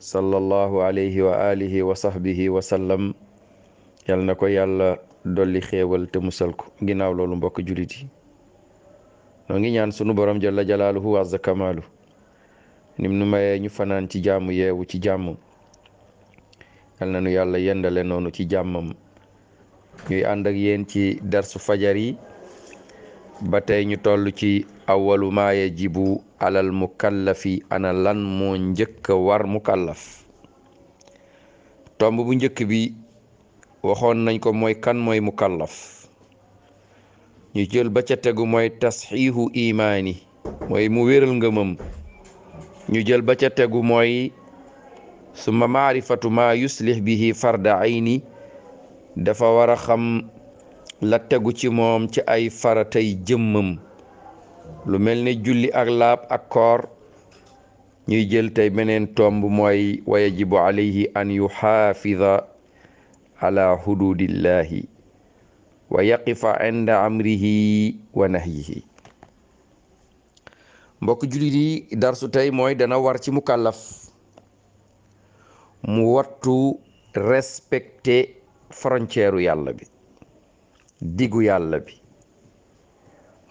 sallallahu alayhi wa alihi wa sahbihi wa sallam yal na ko yàlla dolli xéewal te musal ko ginaaw loolu mbokk jullit yi noo ngi ñaan sunu borom jalla jalaaluhu wa azza kamaalu nim nu mayee ñu fanaan ci jàmm yeewu ci jàmm yal na nu yàlla yendale noonu ci jàmmam ñuy ànd ak yéen ci darsu fajar yi ba tey ñu toll ci awalu maa yajibu alal mukallafi ana lan moo njëkk war mukallaf tomb bu njëkk bi waxoon nañ ko mooy kan mooy mukallaf ñu jël ba ca tegu mooy tasxiihu imaani mooy mu wéral ngëmam ñu jël ba ca tegu mooy suma maarifatu maa yuslih bihi farda ayni dafa war a xam la tegu ci moom ci ay faratay jëmmam lu mel ni julli ak laab ak ñuy jël tey beneen tomb mooy wa yajibu alayhi an yuxaafida ala xududillahi wa yaqifa inda amrihi wa nahyihi mbokk julli yi darsu tey mooy dana war ci mukallaf mu wattu respecté frontière yàlla bi diggu yàlla bi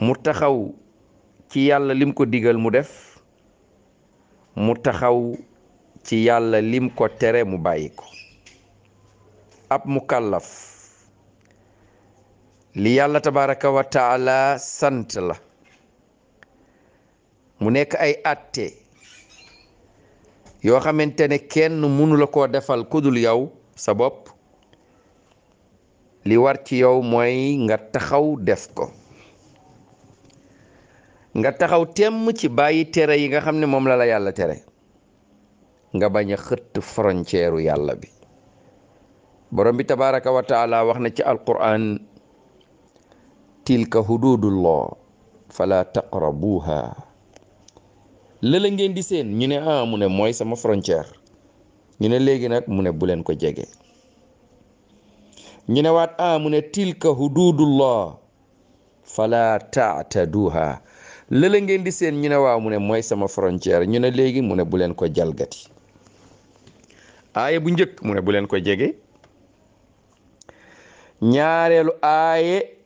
mu taxaw ci yàlla lim ko digal mu def mu taxaw ci yàlla lim ko tere mu bàyyi ko ab mukallaf li yàlla tabaraka wa taala sant la mu nekk ay atte yoo xamante ne kenn mënu la koo defal kudul yow sa bopp li war ci yow mooy nga taxaw def ko nga taxaw temm ci bàyyi tere yi nga xam ne moom lala yàlla tere nga bañ a xëtt frontière yàlla bi borom bi tabaraka wa taala wax na ci alquran tilka hududullah fala taqrabuha lëla ngeen di seen ñu ne ah mu ne mooy sama frontière ñu ne léegi nag mu ne bu leen ko jege ñu ne waat ah mu ne tilka hududullah fala taataduha lëla di seen ñu ne waaw mu ne mooy sama frontière ñu ne léegi mu ne bu leen ko jalgati aaye bu njëkk mu ne bu leen ko jege ñaareelu aaye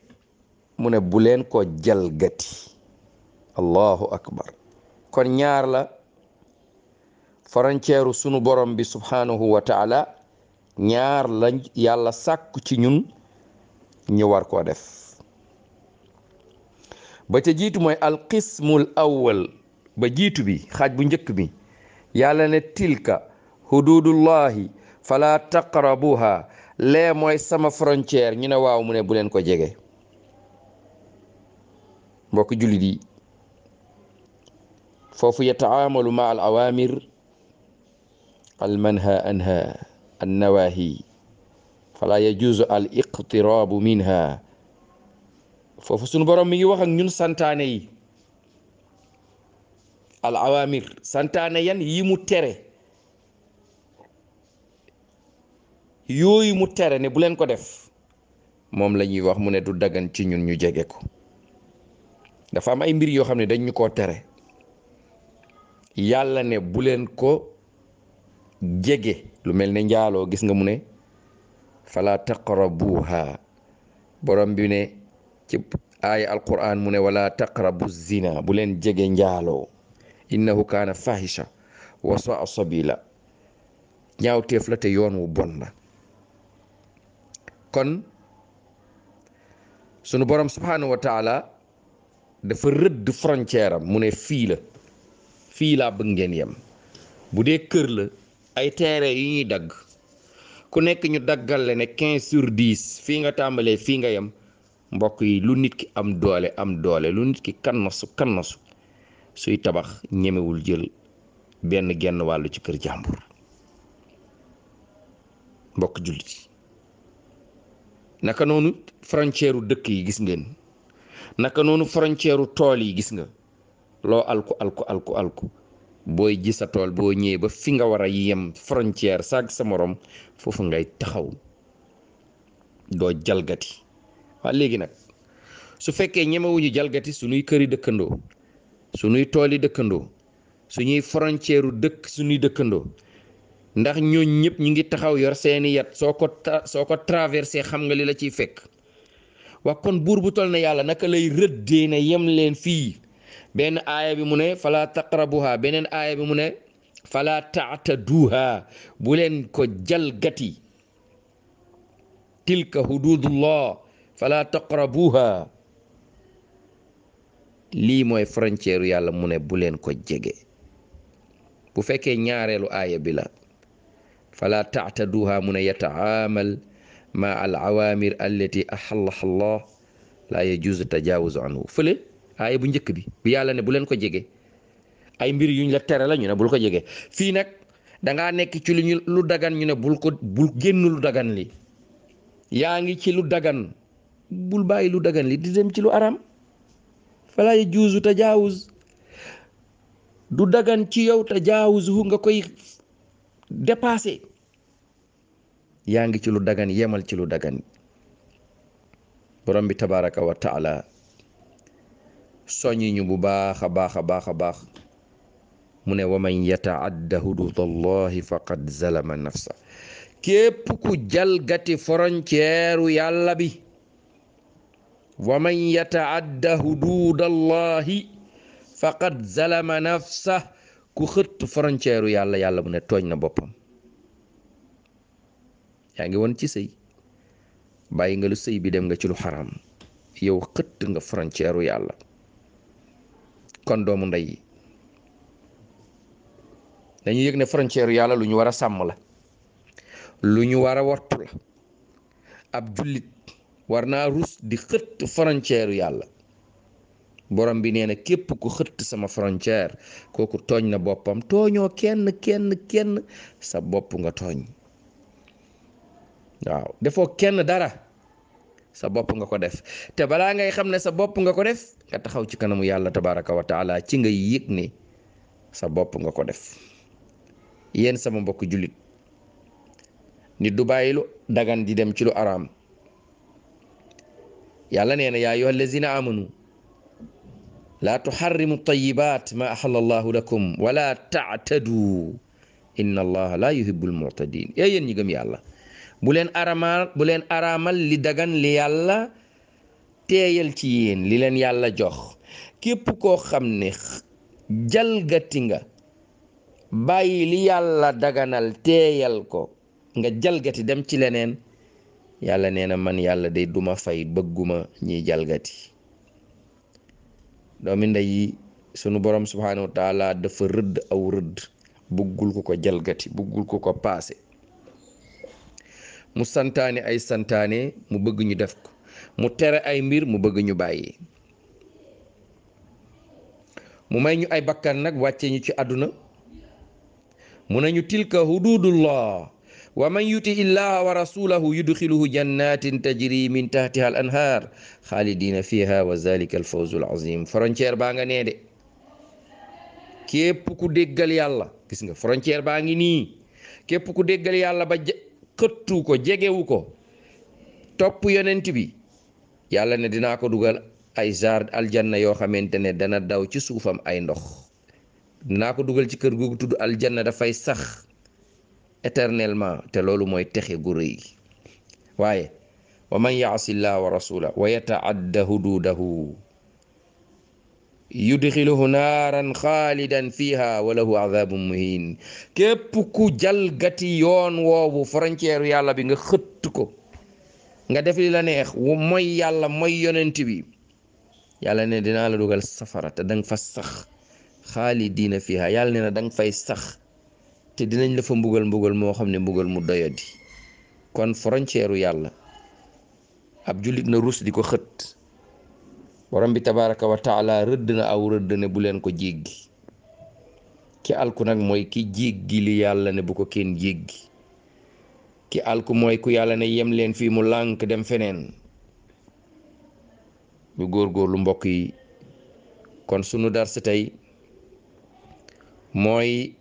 mu ne bu leen ko jalgati allahu akbar kon ñaar la frontière sunu borom bi subhanahu wa taala ñaar la yàlla sàkku ci ñun ñu war koo def ba ca jiitu mooy alqismul awwal ba jiitu bi xaaj bu njëkk bi yàlla ne tilka hududullahi fala taqrabuha lee mooy sama frontière ñu ne waaw mu ne bu leen ko jege mbokk jullit yi foofu yataamalu ma al awamir al manha fala yajuzu al minha foofu sunu borom mi ngi wax ak ñun santaane yi al awamir santaane yan yii mu tere yooyu mu tere ne bu leen ko def moom la ñuy wax mu ne du daggan ci ñun ñu jege ko dafa am ay mbir yoo xam ne dañ ñu koo tere yàlla ne buleen leen ko jege lu mel ne njaaloo gis nga mu ne fala taqrabuha borom bi ne ci aaya alquran mu ne wala taqrabu zina bu leen jege njaaloo innahu kaana fahisha wa la sabila ñaawteef la te yoon wu bon la kon sunu borom subhanahu wa taala dafa rëdd frontière am mu ne fii la fii laa bëgg ngeen yem bu dee kër la ay teere yi ñuy dagg ku nekk ñu daggal le ne quinze fii nga tàmbalee fii nga yem mbokk yi lu nit ki am doole am doole lu nit ki kannasu kannasu suy tabax ñemewul jël benn genn wàllu ci kër jàmbur mbokk jullit yi naka noonu frontière dëkk yi gis ngeen naka noonu frontière tool yi gis nga loo alku alku alku alku booy ji sa tool boo ñëwee ba fi nga war a yem frontière saag sa moroom foofu ngay taxaw doo jalgati waaw léegi nag su fekkee ñemewuñu jalgati suñuy këri dëkkandoo suñuy tooli dëkkandoo suñuy frontière dëkk suñuy dëkkandoo ndax ñooñ ñëpp ñu ngi taxaw yor seeni yat soo ko soo ko traversé xam nga li la ciy fekk wax kon buur bu toll na yàlla naka lay rëddee ne yem leen fii benn aaya bi mu ne fala taqrabuha beneen aaya bi mu ne fala taataduha bu leen ko jalgati tilka hududullah fala taqrabuha lii mooy frontière yàlla mu ne bu leen ko jege bu fekkee ñaareelu aaye bi la fala taataduha mu ne yataamal ma al awamir allati allah laa yajuuzu tajawuzu anhu fële aaya bu njëkk bi bi yàlla ne bu leen ko jege ay mbir yuñ la tere la ñu ne bul ko jege fii nag dangaa nekk ci lu ñu lu dagan ñu ne bul génn lu dagan li yaa ngi ci lu dagan bul bàyyi lu dagan li di dem ci lu araam falaa yajuuzu tajaawuz du dagan ci yow tajaawuz nga koy dépassé yaa ngi ci lu dagan yemal ci lu dagan borom bi tabaraka wa taala bu baax a baax a baax a baax mu ne wa man yataadda hududallahi faqad zalama nafsa képp ku jalgati frontière yàlla bi wa man yataadda huduuda allahi faqad zalama nafsah ku xëtt frontière yàlla yàlla mu ne tooñ na boppam yaa ngi woon ci sëy bàyyi nga lu sëy bi dem nga ci lu xaraam yow xëtt nga frontière yàlla kon doomu ndey yi dañuy yëg ne frontière yàlla lu ñu war a sàmm la lu ñu war a la war naa rus di xëtt frontière yàlla borom bi nee na képp ku xëtt sama frontière kooku tooñ na boppam tooñoo kenn kenn kenn sa bopp nga tooñ waaw defoo kenn dara sa bopp nga ko def te balaa ngay xam ne sa bopp nga ko def nga taxaw ci kanamu yàlla tabaraka wa taala ci nga yëg ni sa bopp nga ko def yéen sama mbokk jullit nit du bàyyi lu dagan di dem ci lu araam yàlla nee na yaa ayyuha allazina amanu laa tuxarrimu tayibaat ma axala allahu lakum wala taatadu inna allaha laa yuhibbul mu'tadin ee yéen ñi gëm yàlla bu leen aramal bu leen araamal li dagan li yàlla teeyal ci yéen li leen yàlla jox képp koo xam ne jalgati nga bàyyi li yàlla daganal teeyal ko nga jalgati dem ci leneen yàlla nee na man yàlla day duma fay bëgguma ñiy jalgati doomi ndey sunu borom subhaanahu wa taala dafa rëdd aw rëdd bëggul ku ko jalgati bëggul ku ko paase mu santaane ay santaane mu bëgg ñu def ko mu tere ay mbir mu bëgg ñu bàyyi mu may ñu ay bakkan nag wàcce ñu ci àdduna mu nañu tilka hududullah wa man yuti illaha wa rasulahu yudxiluhu jannatin tajri min tahtiha al anhaar xaalidina fiha wa zalika al fawzu al azim frontière baa nga nee de ku déggal yàlla gis nga frontière baa ngi nii képp ku déggal yàlla ba xëttu ko jegewu ko topp yonent bi yàlla ne dinaa ko dugal ay jaar aljanna yoo xamante ne dana daw ci suufam ay ndox dinaa ko dugal ci kër googu tudd aljanna dafay sax éternellement te loolu mooy texe gu rëy waaye wa man yaasi llah wa rasula wa yataadda hududahu yudxiluhu naaran xaalidan fiha wa lahu adabun muhin képp ku jalgati yoon woowu frontière yàlla bi nga xëtt ko nga def li la neex mooy yàlla mooy yonent bi yàlla ne dinaa la dugal safara te danga fa sax xaalidiina fiha yàlla ne na danga fay sax te dinañ la fa mbugal mbugal moo xam ne mbugal mu doyadi kon frontière yàlla ab jullit na rus di ko xët borom bi tabaraka wa rëdd na aw rëdd ne bu leen ko jéggi ki alku nag mooy ki jéggi li yàlla ne bu ko kenn jéggi ki alku mooy ku yàlla ne yem leen fii mu lànk dem feneen lu góorgóorlu mbokk yi kon sunu darsi tey mooy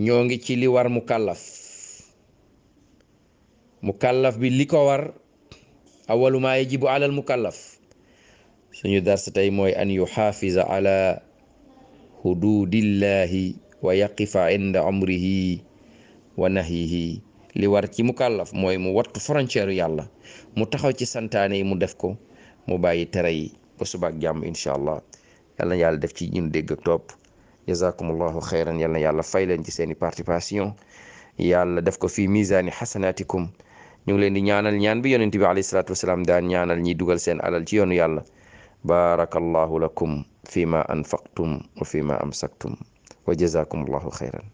ñoo ngi ci li war mukallaf mukallaf bi li ko war awalu maa yajibu alal mukallaf suñu dars tey mooy an yuxaafiza ala hududillahi wa yaqifa inda amrihi wa nahyihi li war ci mukallaf mooy mu wattu frontière yàlla mu taxaw ci santaane yi mu def ko mu bàyyi tere yi ba subaak jàmm incha allah yàlla yàlla def ci ñun dégg ak topp jazakumullahu xeyran yal na yàlla fay leen ci seen i participation yàlla def ko fii misaani xasanaatikum ñu ngi leen di ñaanal ñaan bi yonent bi alayhi salaatu wasalaam daan ñaanal ñiy dugal seen alal ci yoonu yàlla baarakallahu lakum fi ma anfaqtum wa fi ma amsaktum wa jazakumullahu xeyran